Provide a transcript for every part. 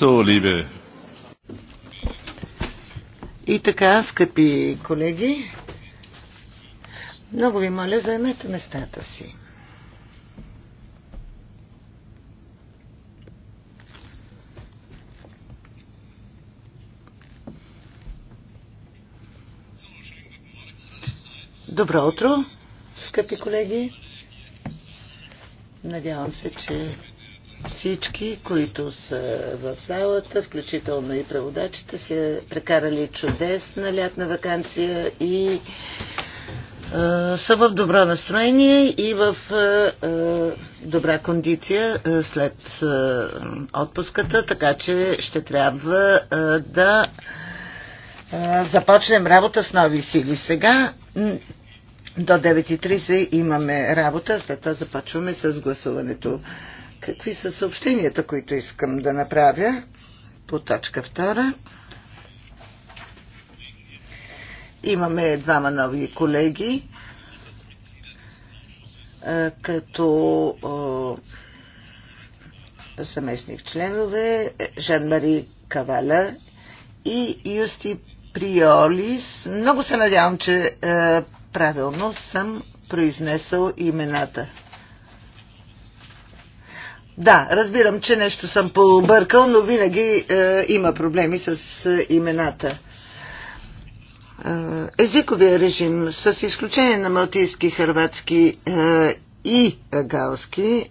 So, liebe. И така, скъпи колеги, много ви моля, заемете местата си. Добро утро, скъпи колеги. Надявам се, че всички, които са в залата, включително и преводачите, са прекарали чудесна лятна вакансия и е, са в добро настроение и в е, е, добра кондиция е, след е, отпуската, така че ще трябва е, да е, започнем работа с нови сили. Сега до 9.30 имаме работа, след това започваме с гласуването какви са съобщенията, които искам да направя по точка втора. Имаме двама нови колеги, като съместник членове Жан-Мари Кавала и Юсти Приолис. Много се надявам, че правилно съм произнесъл имената. Да, разбирам, че нещо съм побъркал, но винаги е, има проблеми с е, имената. Е, езиковия режим, с изключение на малтийски, хрватски е, и галски, е,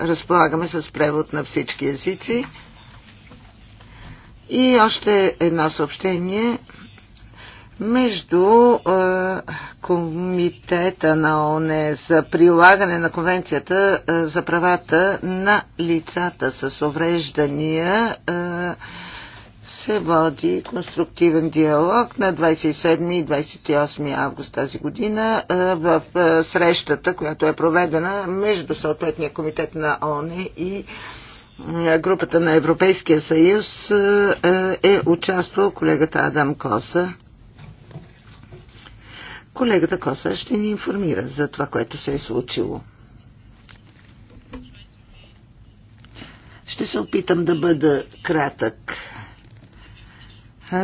разполагаме с превод на всички езици. И още едно съобщение между е, Комитета на ОНЕ за прилагане на Конвенцията е, за правата на лицата с увреждания е, се води конструктивен диалог на 27 и 28 август тази година е, в е, срещата, която е проведена между съответния комитет на ОНЕ и е, групата на Европейския съюз е, е участвал колегата Адам Коса. Колегата Коса ще ни информира за това, което се е случило. Ще се опитам да бъда кратък.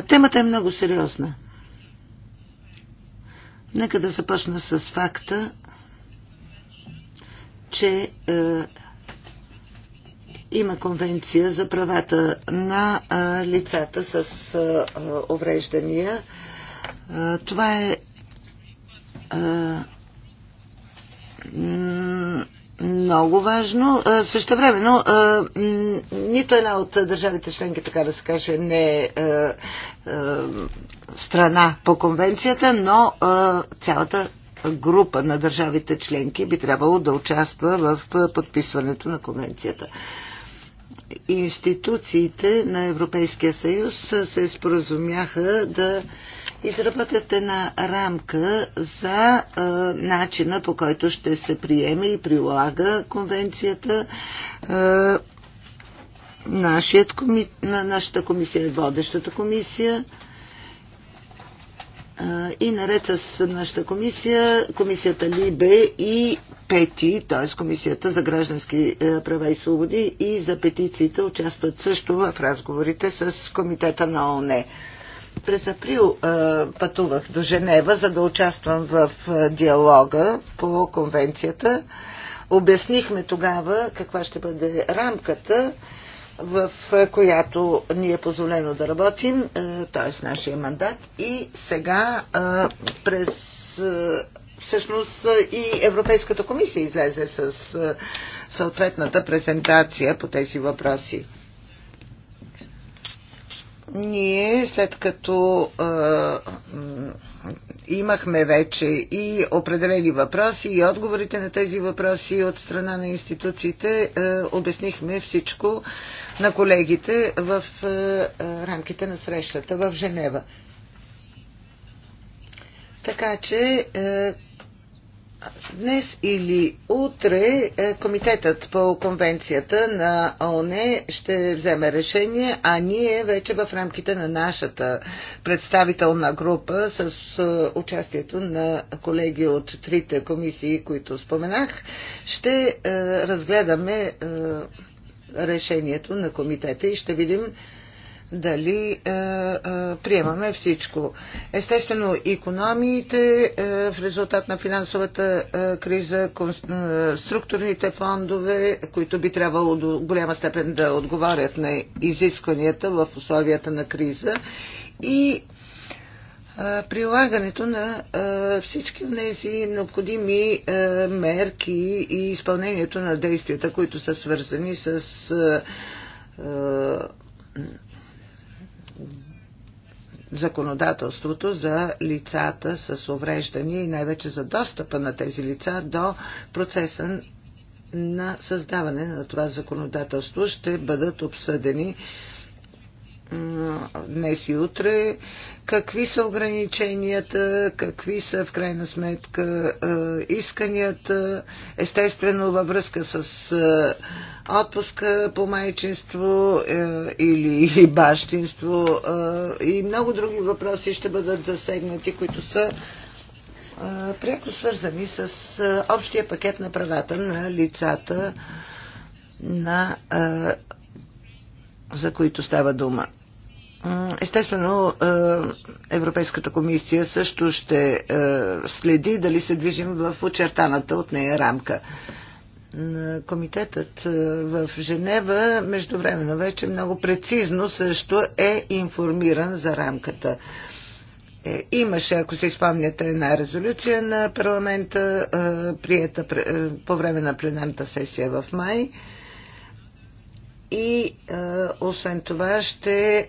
Темата е много сериозна. Нека да започна с факта, че е, има конвенция за правата на е, лицата с е, увреждания. Е, това е много важно. Също времено, нито една от държавите членки, така да се каже, не е страна по конвенцията, но цялата група на държавите членки би трябвало да участва в подписването на конвенцията институциите на Европейския съюз се споразумяха да изработят една рамка за а, начина по който ще се приеме и прилага конвенцията. А, нашият коми... на нашата комисия е водещата комисия. И наред с нашата комисия, комисията Либе и Пети, т.е. комисията за граждански е, права и свободи и за петициите участват също в разговорите с комитета на ОНЕ. През април е, пътувах до Женева, за да участвам в е, диалога по конвенцията. Обяснихме тогава каква ще бъде рамката в която ни е позволено да работим, е, т.е. нашия мандат. И сега е, през е, всъщност и Европейската комисия излезе с съответната презентация по тези въпроси. Ние, след като имахме вече и определени въпроси и отговорите на тези въпроси от страна на институциите. Е, обяснихме всичко на колегите в е, е, рамките на срещата в Женева. Така че е, днес или утре комитетът по конвенцията на ОНЕ ще вземе решение, а ние вече в рамките на нашата представителна група с участието на колеги от трите комисии, които споменах, ще разгледаме решението на комитета и ще видим дали е, е, приемаме всичко. Естествено, економиите е, в резултат на финансовата е, криза, кон, е, структурните фондове, които би трябвало до голяма степен да отговарят на изискванията в условията на криза и прилагането на всички тези необходими мерки и изпълнението на действията, които са свързани с законодателството за лицата с увреждания и най-вече за достъпа на тези лица до процеса на създаване на това законодателство ще бъдат обсъдени днес и утре, какви са ограниченията, какви са в крайна сметка исканията, естествено във връзка с отпуска по майчинство или бащинство и много други въпроси ще бъдат засегнати, които са пряко свързани с общия пакет на правата на лицата на за които става дума. Естествено, е, Европейската комисия също ще е, следи дали се движим в очертаната от нея рамка. Комитетът е, в Женева междувременно вече много прецизно също е информиран за рамката. Имаше, ако се изпомняте, една резолюция на парламента, приета по време на пленарната сесия в май. И освен това ще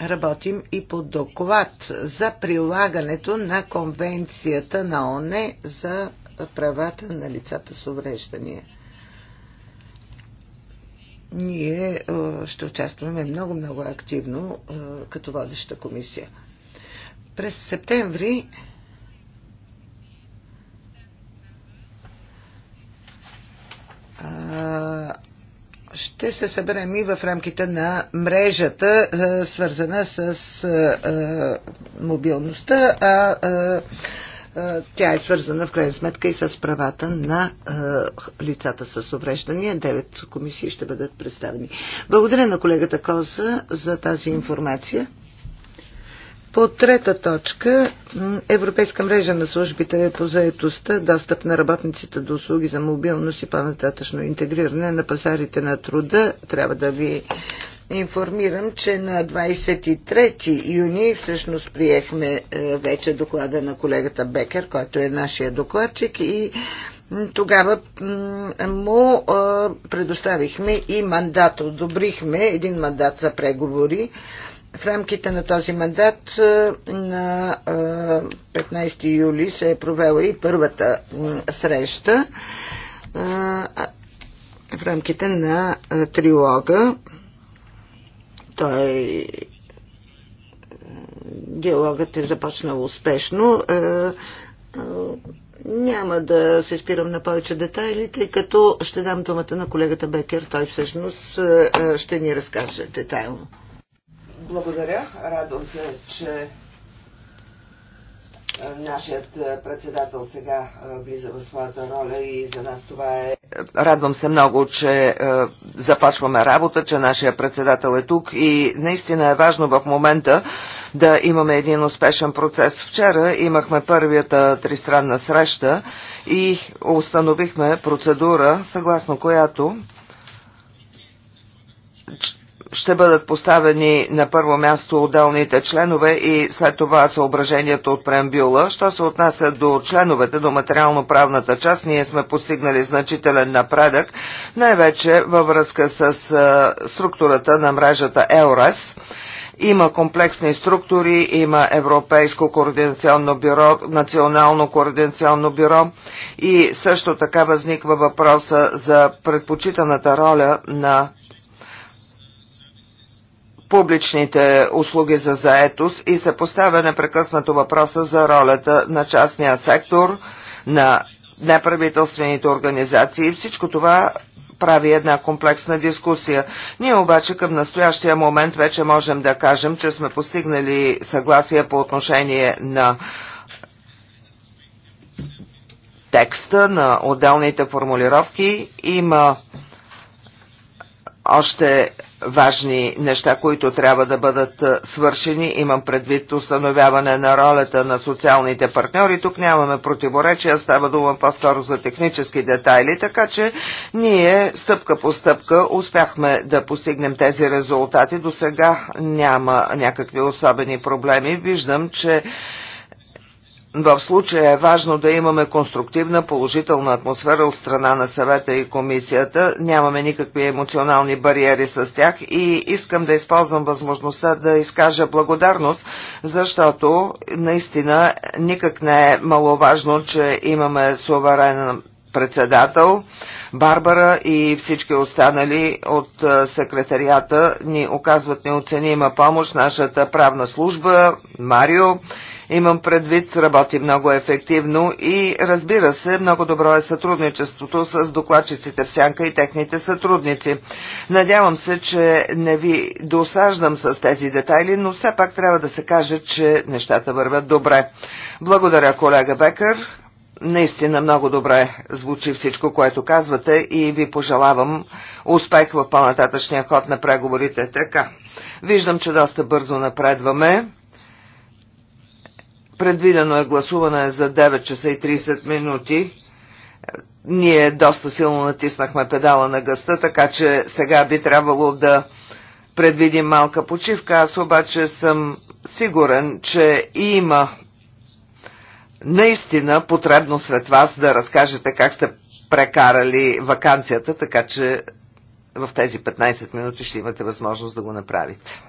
работим и по доклад за прилагането на Конвенцията на ОНЕ за правата на лицата с увреждания. Ние е, ще участваме много-много активно е, като водеща комисия. През септември ще се съберем и в рамките на мрежата, е, свързана с е, е, мобилността, а тя е свързана в крайна сметка и с правата на лицата с увреждания. Девет комисии ще бъдат представени. Благодаря на колегата Коза за тази информация. По трета точка, Европейска мрежа на службите по заетостта, достъп на работниците до услуги за мобилност и по-нататъчно интегриране на пазарите на труда, трябва да ви информирам, че на 23 юни всъщност приехме е, вече доклада на колегата Бекер, който е нашия докладчик и тогава му е, предоставихме и мандат, одобрихме един мандат за преговори в рамките на този мандат е, на 15 е, юли се е провела и първата среща е, в рамките на трилога. Той диалогът е започнал успешно. Няма да се спирам на повече детайли, тъй като ще дам думата на колегата Бекер. Той всъщност ще ни разкаже детайлно. Благодаря. Радвам се, че е, нашият е, председател сега е, влиза в своята роля и за нас това е. Радвам се много, че започваме работа, че нашия председател е тук и наистина е важно в момента да имаме един успешен процес. Вчера имахме първията тристранна среща и установихме процедура, съгласно която ще бъдат поставени на първо място отделните членове и след това съображението от преамбюла. Що се отнася до членовете, до материално-правната част, ние сме постигнали значителен напредък, най-вече във връзка с структурата на мрежата ЕОРЕС. Има комплексни структури, има Европейско координационно бюро, Национално координационно бюро и също така възниква въпроса за предпочитаната роля на публичните услуги за заетост и се поставя непрекъснато въпроса за ролята на частния сектор, на неправителствените организации. Всичко това прави една комплексна дискусия. Ние обаче към настоящия момент вече можем да кажем, че сме постигнали съгласие по отношение на текста, на отделните формулировки. Има още важни неща, които трябва да бъдат е, свършени. Имам предвид установяване на ролята на социалните партньори. Тук нямаме противоречия, става дума по-скоро за технически детайли, така че ние стъпка по стъпка успяхме да постигнем тези резултати. До сега няма някакви особени проблеми. Виждам, че в случая е важно да имаме конструктивна, положителна атмосфера от страна на съвета и комисията. Нямаме никакви емоционални бариери с тях и искам да използвам възможността да изкажа благодарност, защото наистина никак не е маловажно, че имаме суверен председател. Барбара и всички останали от секретарията ни оказват неоценима помощ, нашата правна служба, Марио, Имам предвид, работи много ефективно и разбира се, много добро е сътрудничеството с докладчиците в Сянка и техните сътрудници. Надявам се, че не ви досаждам с тези детайли, но все пак трябва да се каже, че нещата вървят добре. Благодаря, колега Бекър. Наистина много добре звучи всичко, което казвате и ви пожелавам успех в по-нататъчния ход на преговорите. Така, виждам, че доста бързо напредваме. Предвидено е гласуване за 9 часа и 30 минути. Ние доста силно натиснахме педала на гъста, така че сега би трябвало да предвидим малка почивка. Аз обаче съм сигурен, че има наистина потребно сред вас да разкажете как сте прекарали вакансията, така че в тези 15 минути ще имате възможност да го направите.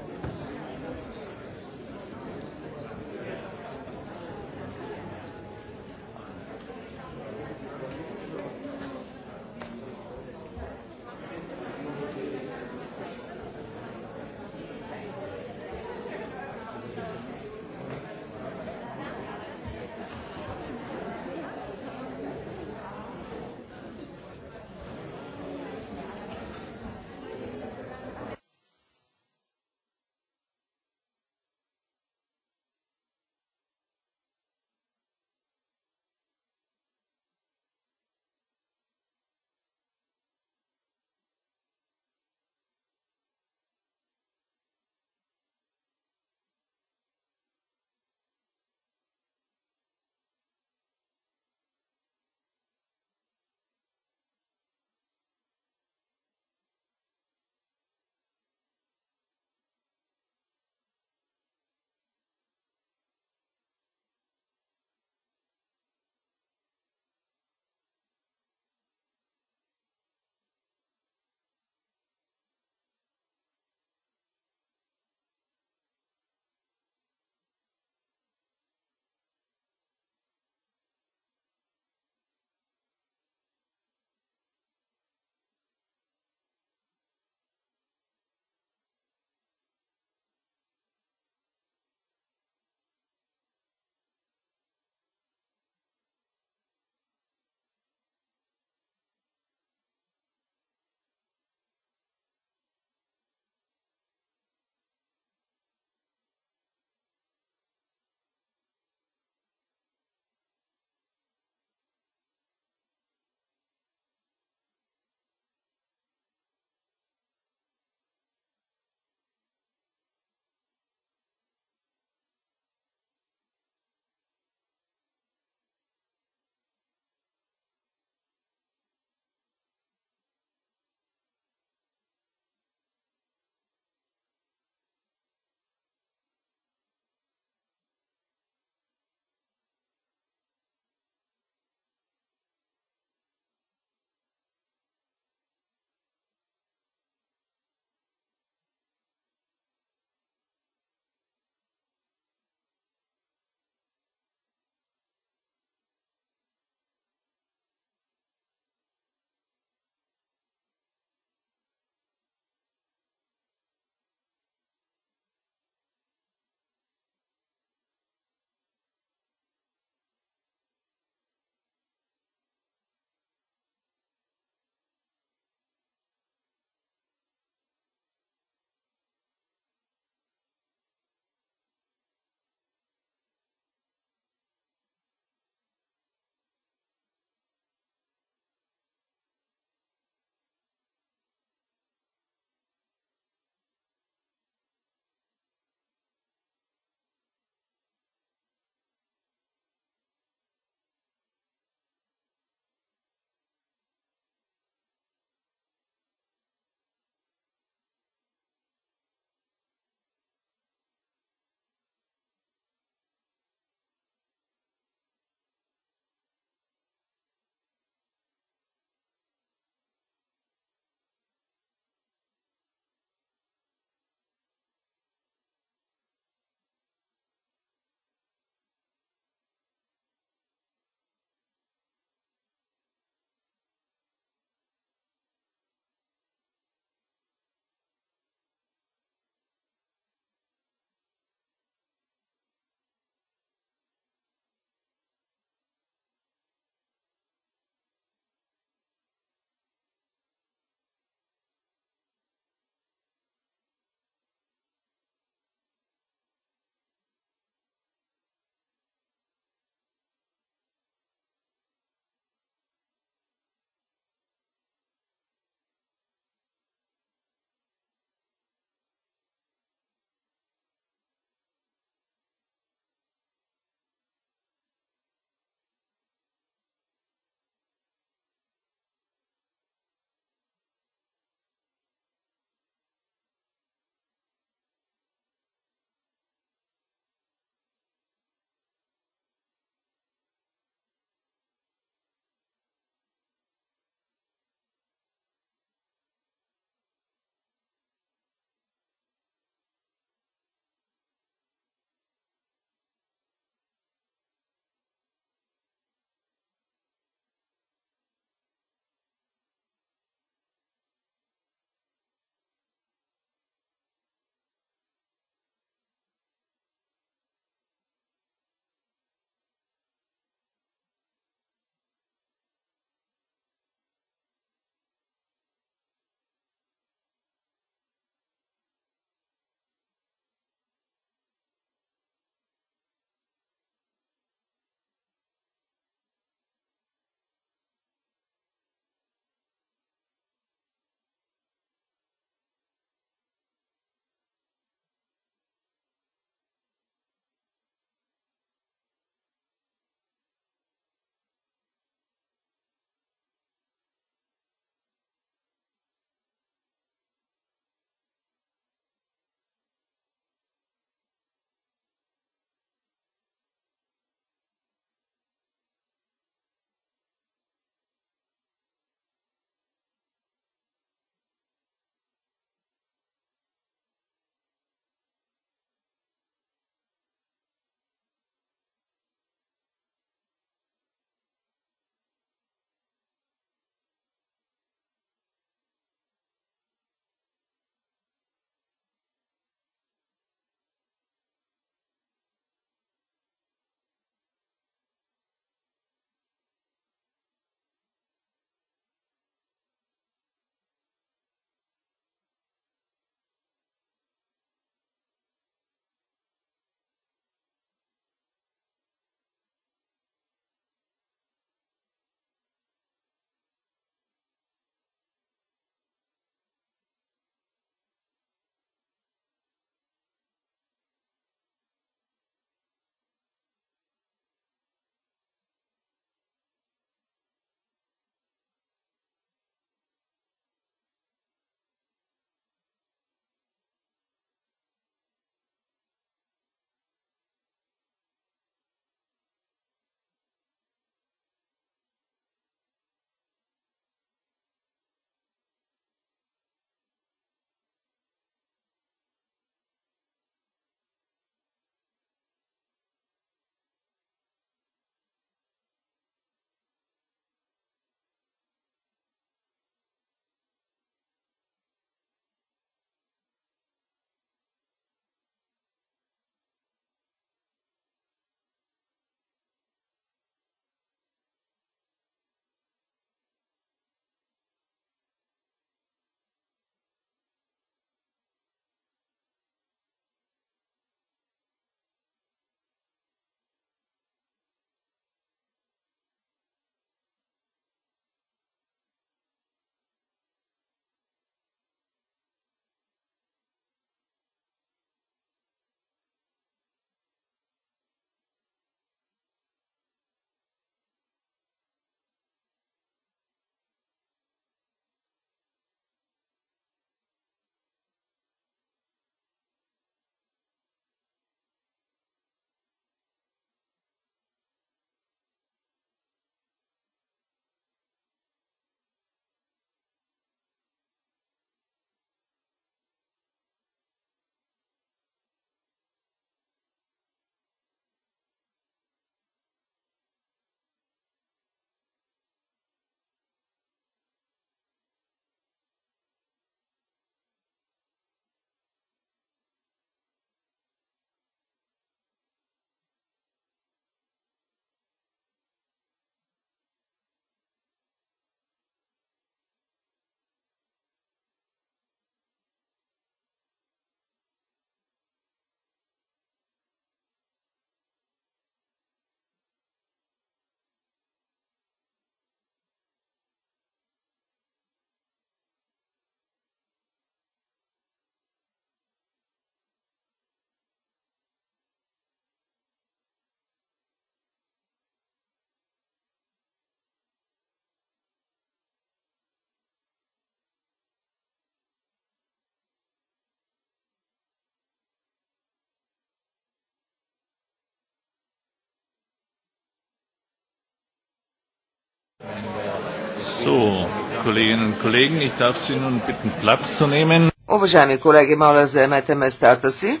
So, Kolleginnen und Kollegen, ich darf Sie nun bitten, Platz zu nehmen. Уважаеми колеги, моля заемете местата си.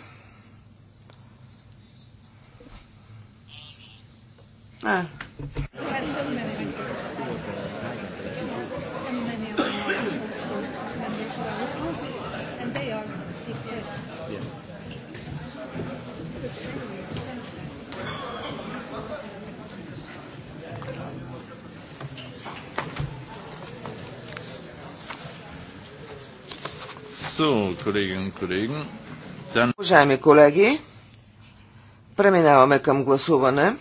А. колеги, Уважаеми колеги, преминаваме към гласуване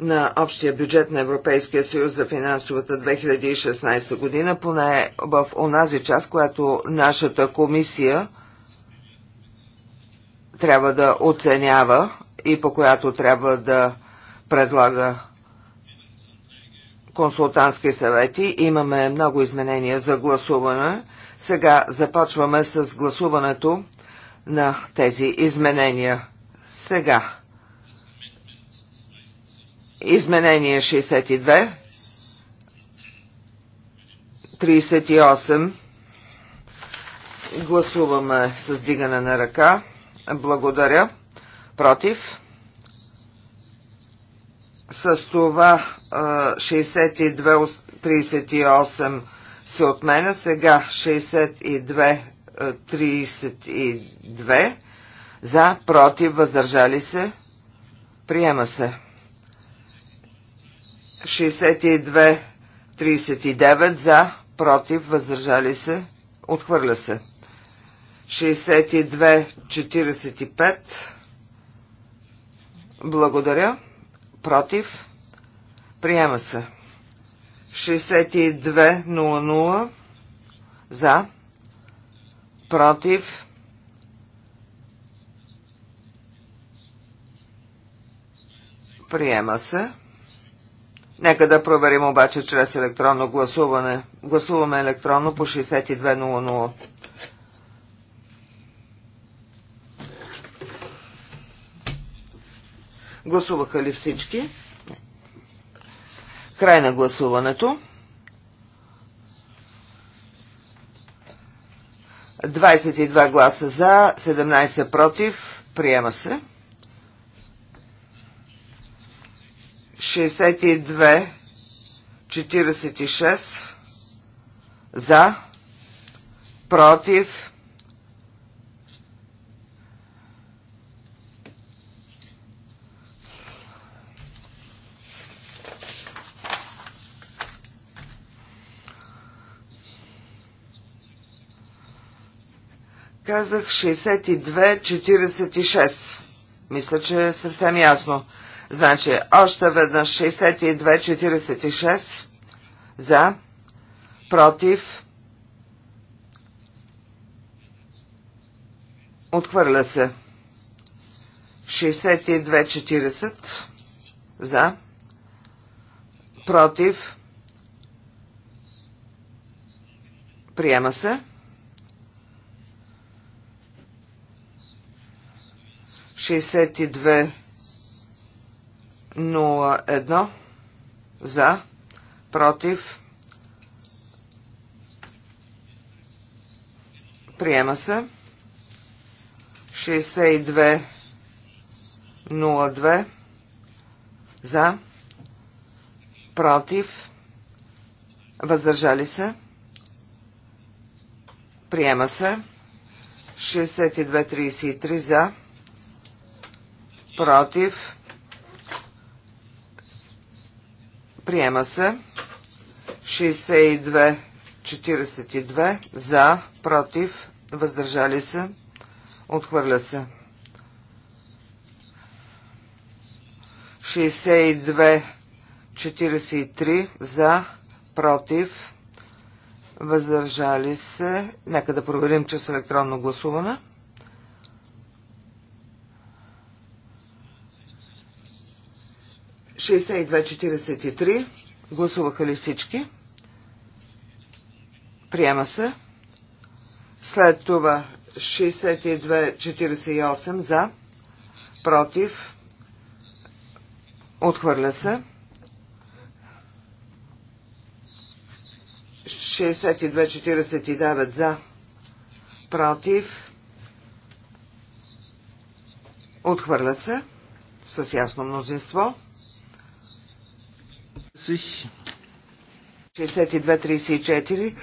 на общия бюджет на Европейския съюз за финансовата 2016 година, поне в онази част, която нашата комисия трябва да оценява и по която трябва да предлага консултантски съвети. Имаме много изменения за гласуване. Сега започваме с гласуването на тези изменения. Сега. Изменение 62, 38. Гласуваме с дигане на ръка. Благодаря. Против. С това 62 38 се отменя. Сега 62 32 за, против, въздържали се. Приема се. 62 39 за, против, въздържали се. Отхвърля се. 62 45 Благодаря против, приема се. 6200 за, против, приема се. Нека да проверим обаче чрез електронно гласуване. Гласуваме електронно по 6200. Гласуваха ли всички? Край на гласуването. 22 гласа за, 17 против. Приема се. 62, 46 за, против, казах 62-46. Мисля, че е съвсем ясно. Значи, още веднъж 62-46 за, против, отхвърля се. 62-40 за, против, приема се. 6201 за, против, приема се. 6202 за, против, въздържали се, приема се. 6233 за, против, приема се, 62, 42, за, против, въздържали се, отхвърля се. 62, 43, за, против, въздържали се. Нека да проверим чрез електронно гласуване. 62-43. Гласуваха ли всички? Приема се. След това 62-48 за. Против. Отхвърля се. 62-49 за. Против. Отхвърля се. С ясно мнозинство. 62-34.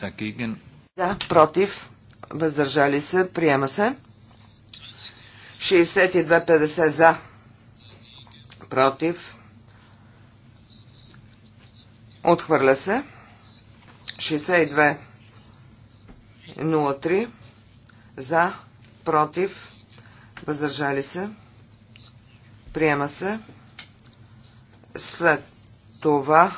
Dagegen. Да, против. Въздържали се. Приема се. 62-50 за. Против. Отхвърля се. 62-03 за. Против. Въздържали се. Приема се. След това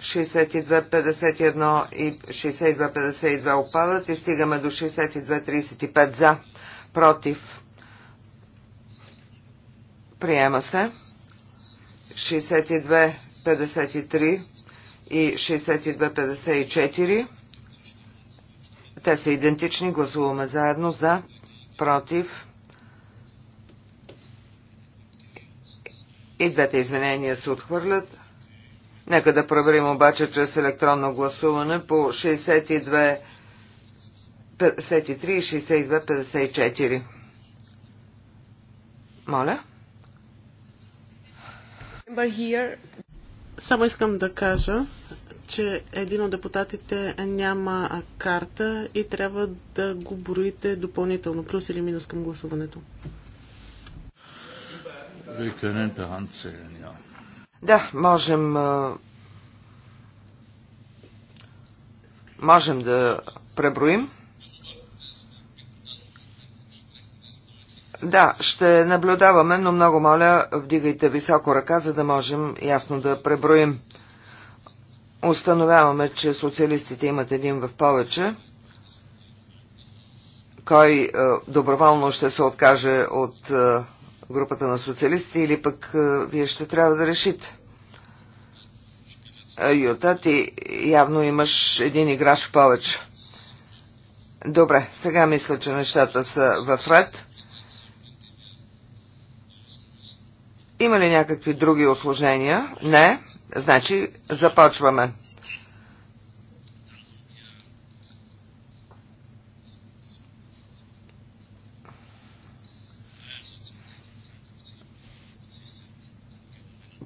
62-51 и 62-52 опадат и стигаме до 62-35 за, против. Приема се. 62-53 и 62-54. Те са идентични. Гласуваме заедно за, против. И двете изменения се отхвърлят. Нека да проверим обаче чрез електронно гласуване по 62 53 и 62 54. Моля. Само искам да кажа, че един от депутатите няма карта и трябва да го броите допълнително, плюс или минус към гласуването. Да, можем, можем да преброим. Да, ще наблюдаваме, но много моля, вдигайте високо ръка, за да можем ясно да преброим. Установяваме, че социалистите имат един в повече. Кой uh, доброволно ще се откаже от uh, групата на социалисти или пък вие ще трябва да решите. Юта, ти явно имаш един играч в повече. Добре, сега мисля, че нещата са в ред. Има ли някакви други осложнения? Не. Значи започваме.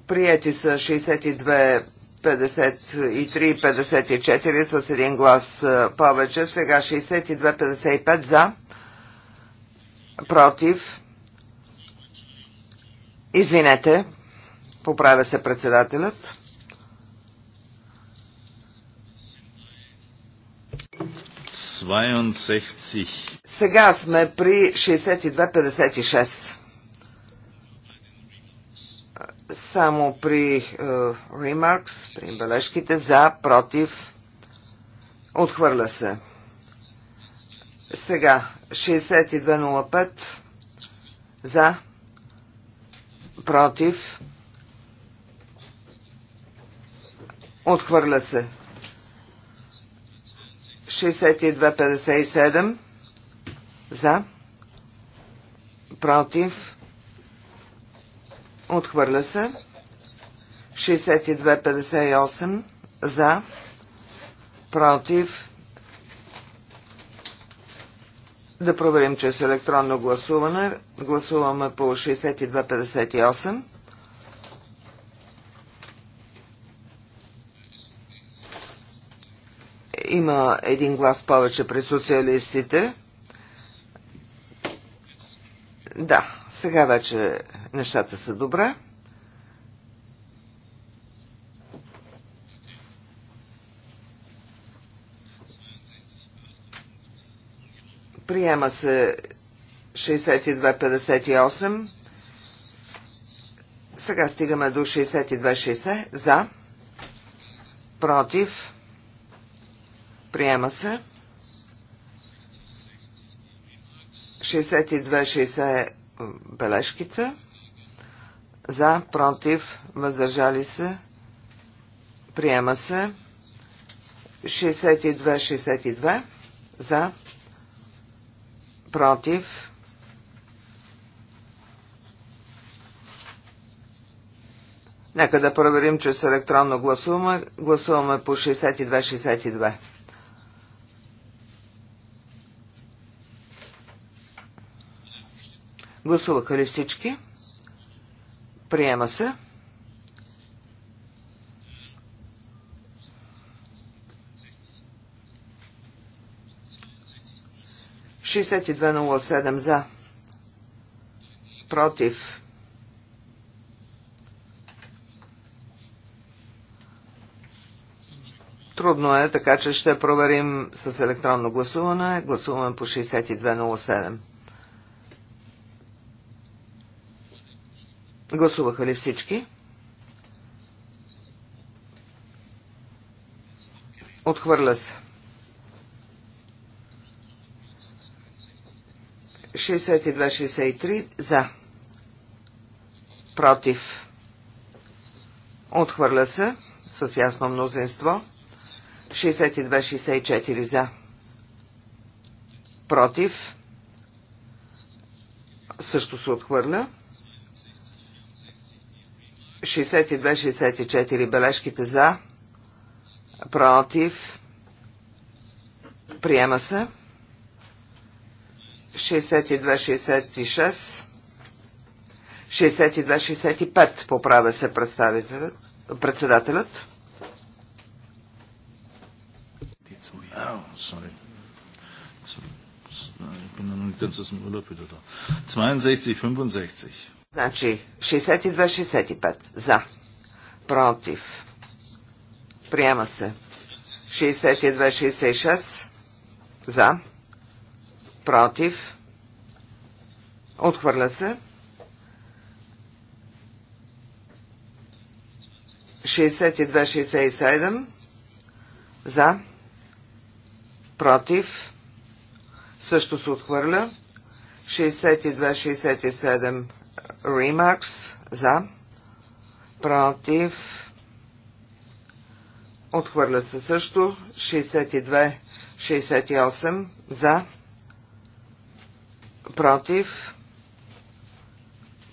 Прияти са 62 53-54 с един глас повече. Сега 62-55 за, против. Извинете, поправя се председателят. Сега сме при 62-56. Само при uh, remarks, при бележките за, против, отхвърля се. Сега, 6205 за, против, отхвърля се. 6257 за, против, Отхвърля се. 62-58 за. Против. Да проверим, че е с електронно гласуване. Гласуваме по 62-58. Има един глас повече при социалистите. Да, сега вече нещата са добра. Приема се 62-58. Сега стигаме до 62-60. За. Против. Приема се. 62-60 бележките. За, против, въздържали се. Приема се. 62-62. За, против. Нека да проверим, че с електронно гласуваме. Гласуваме по 62-62. Гласуваха ли всички? Приема се. Шестдесет за. Против. Трудно е, така че ще проверим с електронно гласуване. Гласуваме по 6207. Гласуваха ли всички? Отхвърля се. 62-63 за. Против. Отхвърля се с ясно мнозинство. 62-64 за. Против. Също се отхвърля. 62-64 бележките за, против, приема се. 62-66, 62-65 поправя се представителят, председателят. Oh, sorry. Ich bin noch nicht ganz aus dem Urlaub wieder da. 62, 65. Значи 62-65 за. Против. Приема се. 62-66 за. Против. Отхвърля се. 62-67 за. Против. Също се отхвърля. 62-67 Remarks за, против, отхвърлят се също, 62, 68 за, против,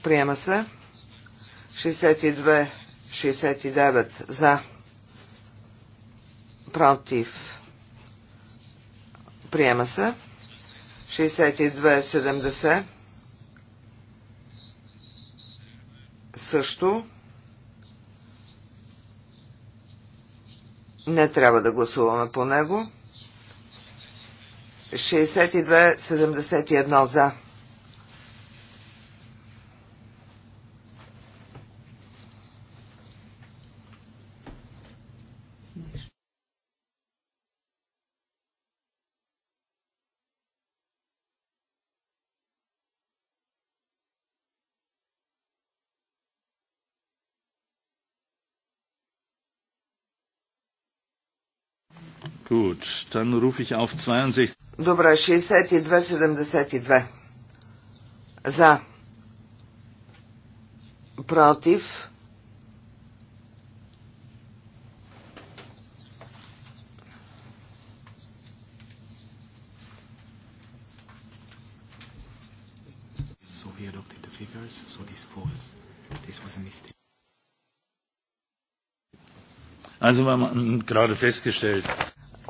приема се, 62, 69 за, против, приема се, 62, 70 също не трябва да гласуваме по него. 62-71 за. Gut, dann rufe ich auf 62. Добре, 62-72. За. Против. Also wir haben gerade festgestellt,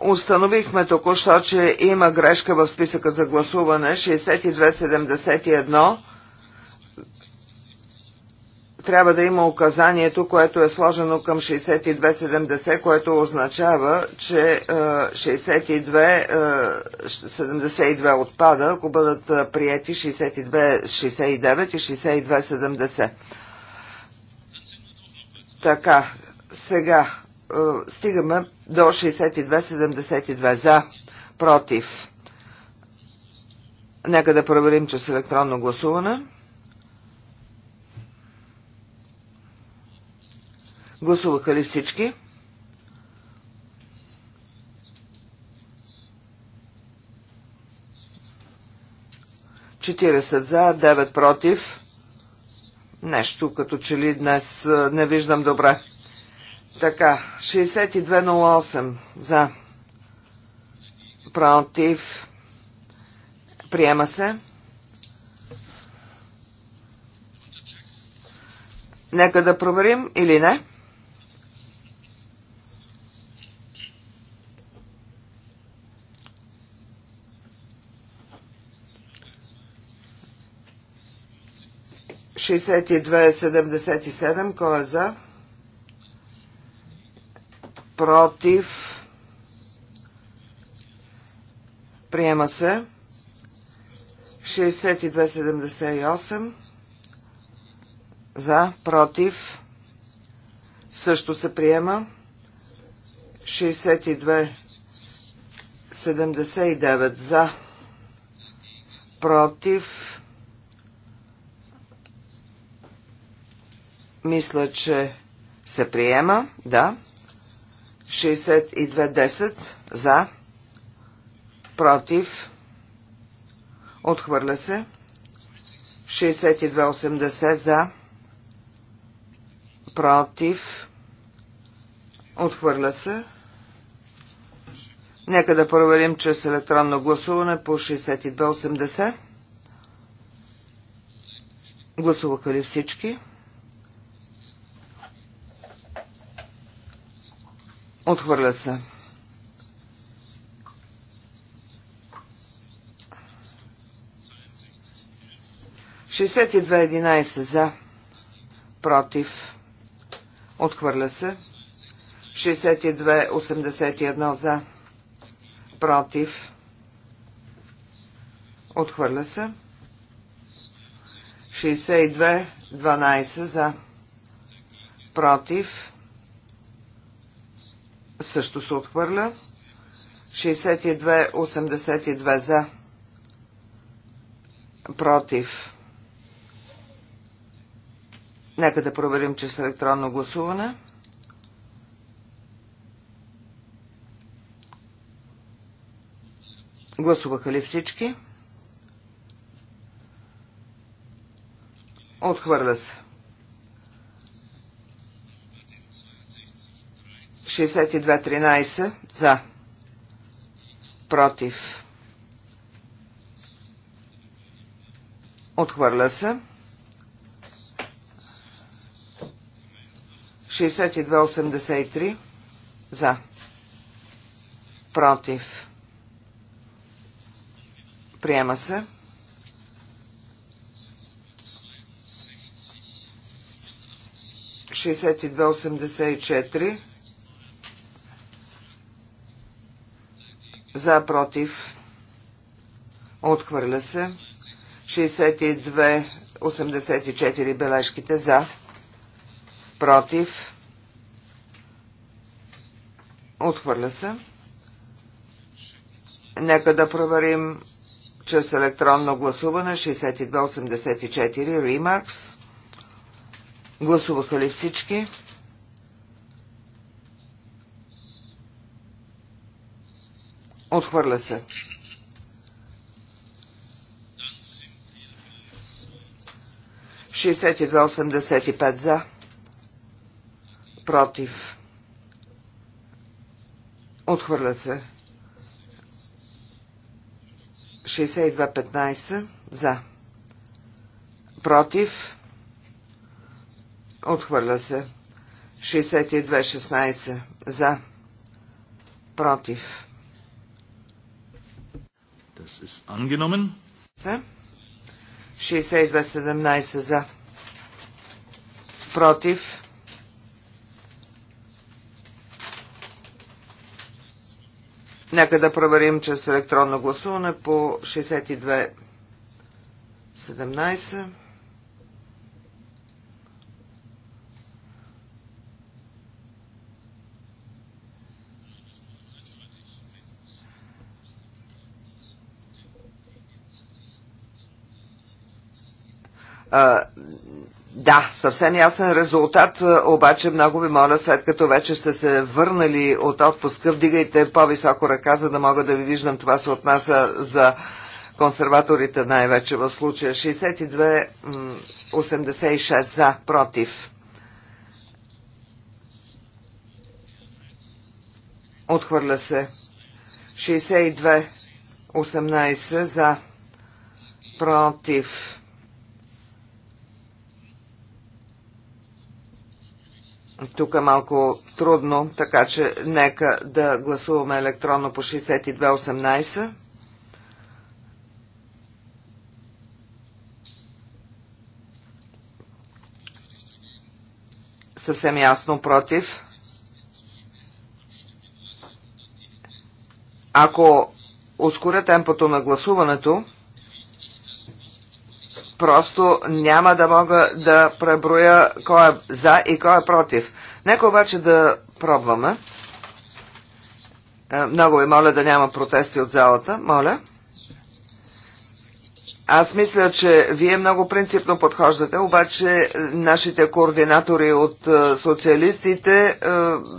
Установихме току-що, че има грешка в списъка за гласуване 6271. Трябва да има указанието, което е сложено към 6270, което означава, че 6272 е, е, отпада, ако бъдат е, приети 6269 и 6270. Така, сега е, стигаме до 62-72 за, против. Нека да проверим, че с електронно гласуване. Гласуваха ли всички? Четиресет за, девет против. Нещо, като че ли днес е, не виждам добре. Така, 6208 за. Против. Приема се. Нека да проверим или не. Шестдесет и две седемдесет и седем. Кой е за? против, приема се, 6278, за, против, също се приема, 6279 за, против, мисля, че се приема, да. 6210 за, против, отхвърля се. 6280 за, против, отхвърля се. Нека да проверим чрез електронно гласуване по 6280. Гласуваха ли всички? Отхвърля се. Шестдесет и две единайсет за. Против. Отхвърля се. 62-81 за. Против. Отхвърля се. 62-12 за. Против също се отхвърля. 62-82 за. Против. Нека да проверим, че с електронно гласуване. Гласуваха ли всички? Отхвърля се. 62-13 за против отхвърля се 62-83 за против приема се 62 84 за против отхвърля се 62-84 бележките за против отхвърля се Нека да проверим чрез електронно гласуване 62-84 Remarks. Гласуваха ли всички? Отхвърля се. Шестдесет и за. Против. Отхвърля се. 62-15 за. Против. Отхвърля се. 62-16 за. Против. Das ist angenommen. 62-17 за. Против. Нека да проверим чрез електронно гласуване по 62-17. да, съвсем ясен резултат, обаче много ви моля, след като вече сте се върнали от отпуска, вдигайте по-високо ръка, за да мога да ви виждам. Това се отнася за консерваторите най-вече в случая. 62-86 за, против. Отхвърля се. 62-18 за, против. тук е малко трудно, така че нека да гласуваме електронно по 6218. Съвсем ясно против. Ако ускоря темпото на гласуването, просто няма да мога да преброя кой е за и кой е против. Нека обаче да пробваме. Е, много ви моля да няма протести от залата. Моля. Аз мисля, че вие много принципно подхождате, обаче нашите координатори от е, социалистите е,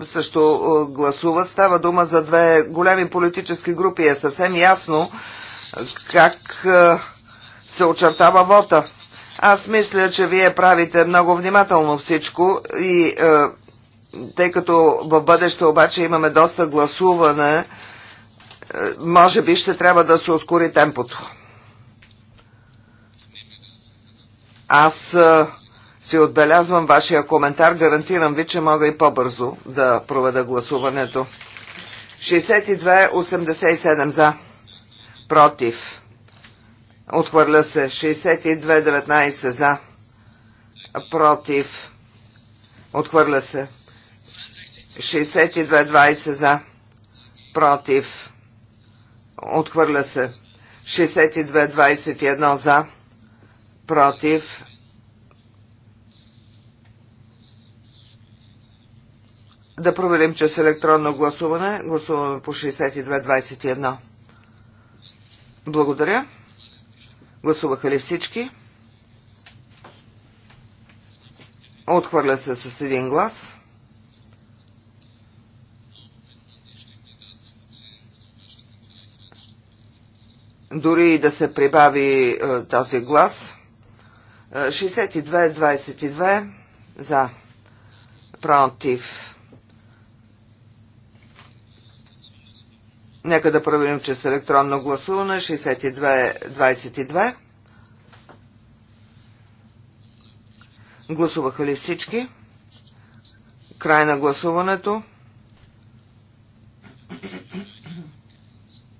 също гласуват. Става дума за две големи политически групи. Е съвсем ясно как се очертава вота. Аз мисля, че вие правите много внимателно всичко и е, тъй като в бъдеще обаче имаме доста гласуване, е, може би ще трябва да се ускори темпото. Аз е, си отбелязвам вашия коментар, гарантирам ви, че мога и по-бързо да проведа гласуването. 62-87 за. Против. Отхвърля се 62-19 за. Против. Отхвърля се 62-20 за. Против. Отхвърля се 62-21 за. Против. Да проверим, че с електронно гласуване гласуваме по 62-21. Благодаря. Гласуваха ли всички? Отхвърля се с един глас. Дори и да се прибави е, този глас. 62-22 е, за. Против Нека да проверим, че с електронно гласуване 62-22. Гласуваха ли всички? Край на гласуването.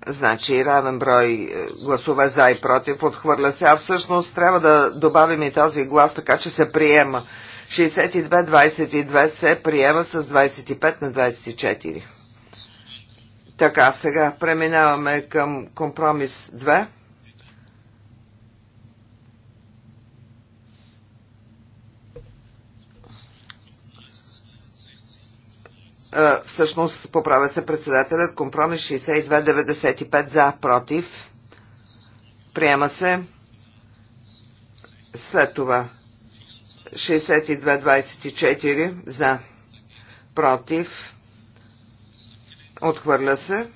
Значи равен брой е, гласове за и против отхвърля се, а всъщност трябва да добавим и този глас, така че се приема. 62-22 се приема с 25 на 24. Така, сега преминаваме към компромис 2. Е, всъщност поправя се председателят. Компромис 62-95 за, против. Приема се. След това 62-24 за, против. Отхвърля се.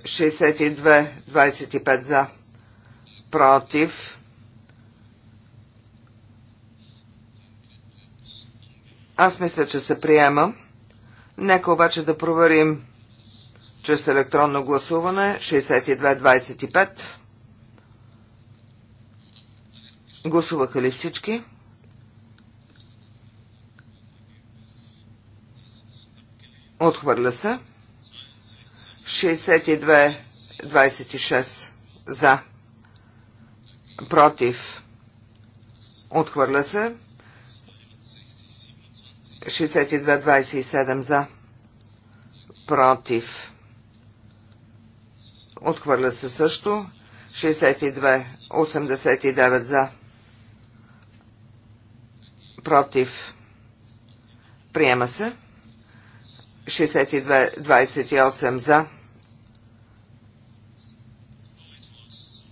62-25 за. Против. Аз мисля, че се приема. Нека обаче да проверим чрез електронно гласуване 62-25. Гласуваха ли всички? Отхвърля се. 62-26 за. Против. Отхвърля се. 62-27 за. Против. Отхвърля се също. 62-89 за. Против. Приема се. 62-28 за.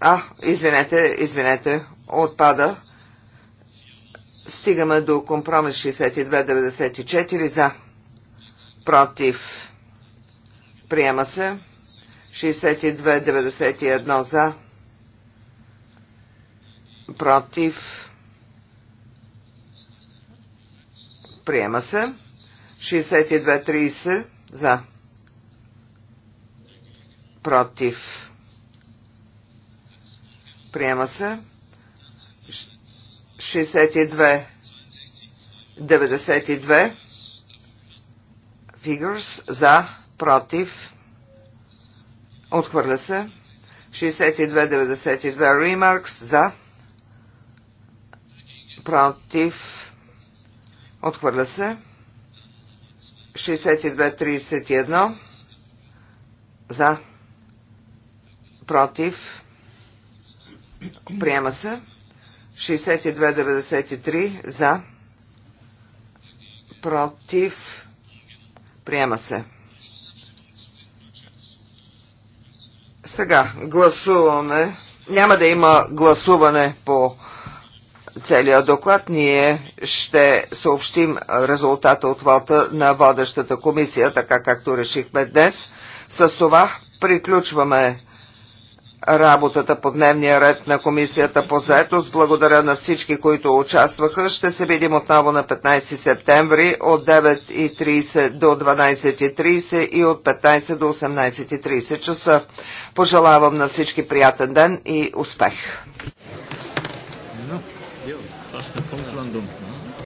А, извинете, извинете, отпада. Стигаме до компромис 62-94 за. Против. Приема се. 62-91 за. Против. Приема се. 62-30 за. Против. Приема се. 62-92 Figures за. Против. Отхвърля се. 62-92 Remarks за. Против. Отхвърля се. 62-31 за против приема се 62-93 за против приема се сега гласуваме няма да има гласуване по целия доклад. Ние ще съобщим резултата от вота на водещата комисия, така както решихме днес. С това приключваме работата по дневния ред на Комисията по заетост. Благодаря на всички, които участваха. Ще се видим отново на 15 септември от 9.30 до 12.30 и от 15 до 18.30 часа. Пожелавам на всички приятен ден и успех! Landung. Ja.